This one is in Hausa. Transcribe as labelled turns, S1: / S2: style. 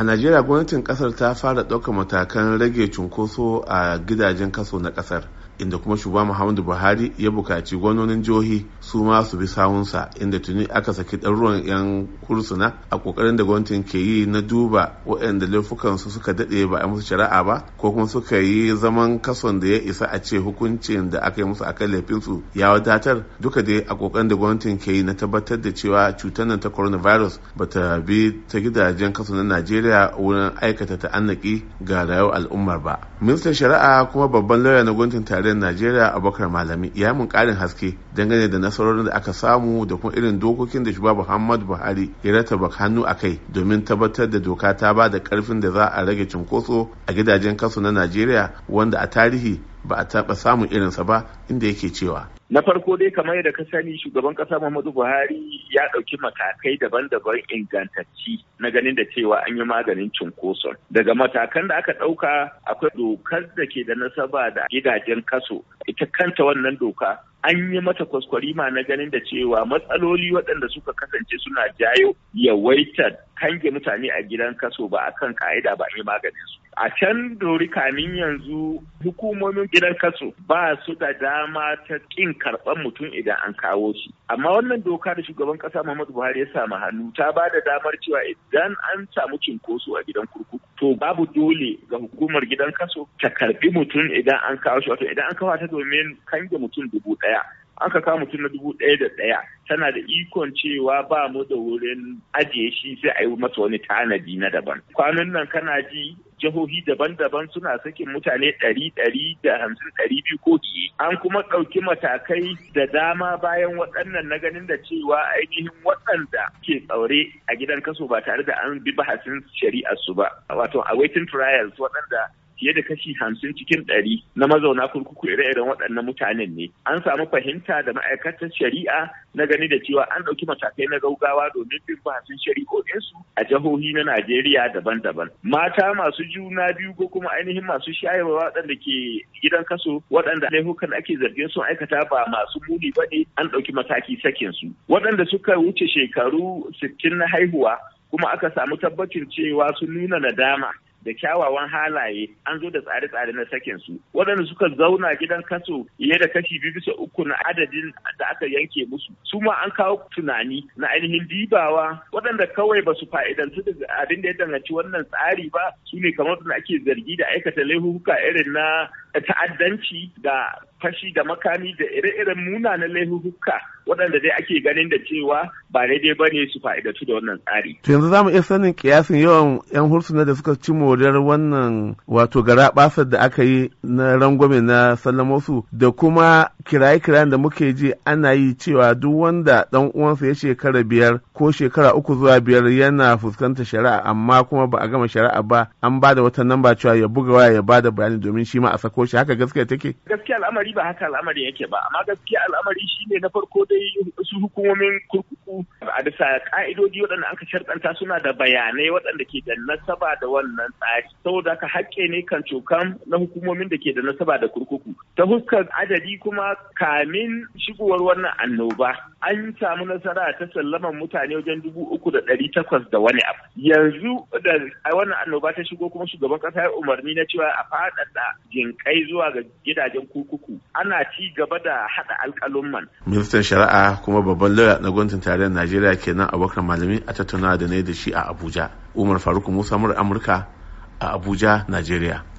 S1: a najeriya gwamnatin kasar ta fara ɗauka matakan rage cunkoso a gidajen kaso na kasar inda kuma shugaba muhammadu buhari ya bukaci gwamnonin jihohi su ma su bi sawunsa inda tuni aka saki ɗaruruwan 'yan kursuna a kokarin da gwamnatin ke yi na duba waɗanda su suka daɗe ba a musu shari'a ba ko kuma suka yi zaman kason da ya isa a ce hukuncin da aka yi musu a akan laifinsu ya wadatar duka dai a kokarin da gwamnatin ke yi na tabbatar da cewa cutar nan ta coronavirus ba ta bi ta gidajen kaso na najeriya wurin aikata ta'annaki ga rayuwar al'ummar ba ministan shari'a kuma babban lauya na gwamnatin tare tarayyar najeriya abubakar malami ya mun karin haske dangane da nasarorin da aka samu da kuma irin dokokin da shugaba muhammadu buhari ya rataba hannu a kai domin tabbatar da doka ta ba da karfin da za a rage cunkoso a gidajen kasu na najeriya wanda a tarihi ba a taɓa samun irinsa ba inda yake cewa.
S2: Na farko dai kamar yadda ka sani shugaban ƙasa Muhammadu Buhari ya ɗauki matakai daban-daban ingantacci na ganin da cewa an yi maganin cunkoson. Daga matakan da aka ɗauka akwai dokar da ke da nasaba da gidajen kaso. Ita kanta wannan doka an yi mata kwaskwarima na ganin da cewa matsaloli waɗanda suka kasance suna jayo yawaitar kange mutane a gidan kaso ba a kan ka'ida ba a yi maganin su. a can dori kamin yanzu hukumomin gidan kaso ba su da dama ta kin karɓar mutum idan an kawo shi amma wannan doka da shugaban ƙasa muhammadu buhari ya samu hannu ta ba da damar cewa idan an samu cinkoso a gidan kurkuku to babu dole ga hukumar gidan kaso ta karbi mutum idan an kawo shi wato idan an kawo ta domin kange mutum dubu ɗaya aka kawo mutum na dubu ɗaya da ɗaya tana da ikon cewa ba mu da wurin ajiye shi sai a yi masa wani tanadi na daban kwanan nan kana ji jihohi daban-daban suna sakin mutane ɗari ɗari da hamsin ɗari biyu ko ɗiye. An kuma ɗauki matakai da dama bayan waɗannan na ganin da cewa ainihin waɗanda ke tsaure a gidan kaso ba tare da an bi bahasin shari'ar su ba. Wato awaiting trials waɗanda fiye da kashi hamsin cikin ɗari na mazauna kurkuku ire-iren waɗannan mutanen ne an samu fahimta da ma'aikatar shari'a na gani da cewa an ɗauki matakai na gaugawa domin bin bahasin shari'o'insu a jihohi na najeriya daban-daban mata masu juna biyu ko kuma ainihin masu shayarwa waɗanda ke gidan kaso waɗanda laifukan ake zargin sun aikata ba masu muni ba ne an ɗauki mataki sakin su waɗanda suka wuce shekaru sittin na haihuwa kuma aka samu tabbacin cewa sun nuna nadama da kyawawan halaye an zo da tsare-tsare na sakin su waɗanda suka zauna gidan kaso fiye da kashi biyu bisa uku na adadin da aka yanke musu su ma an kawo tunani na ainihin dibawa waɗanda kawai ba su fa'idantu da abin da ya danganci wannan tsari ba su ne kamar da ake zargi da aikata laifuka irin na ta'addanci da fashi da makami da ire-iren munanan laihuhuka waɗanda dai ake ganin da cewa ba daidai ba ne su fa'idatu da wannan tsari.
S1: To yanzu za mu iya sanin kiyasin yawan 'yan hursuna da suka ci moriyar wannan wato gara basar da aka yi na rangwame na sallamosu da kuma kiraye-kirayen da muke ji ana yi cewa duk wanda dan uwansa ya shekara biyar ko shekara uku zuwa biyar yana fuskantar shari'a amma kuma ba a gama shari'a ba an ba da wata namba cewa ya buga waya ya bada bayani domin shi ma a sako shi haka gaskiya take
S2: gaskiya al'amari ba haka al'amari yake ba amma gaskiya al'amari ne na farko dai su hukumomin kurkuku a bisa ka'idodi waɗanda aka sharɗanta suna da bayanai waɗanda ke da nasaba da wannan tsari saboda haka haƙƙe ne kan cokan na hukumomin da ke da nasaba da kurkuku ta fuskar adadi kuma kamin shigowar wannan annoba an samu nasara ta sallaman mutane wajen dubu uku da ɗari takwas da wani abu yanzu da wannan annoba ta shigo kuma shugaban kasa ya umarni na cewa a faɗaɗa jinƙai zuwa ga gidajen kurkuku ana ci gaba da haɗa man.
S1: ministan shari'a kuma babban lauya na gwamnatin tarayyar najeriya kenan abokan malami a tattauna da ne da shi a abuja umar faruk musa amurka a abuja najeriya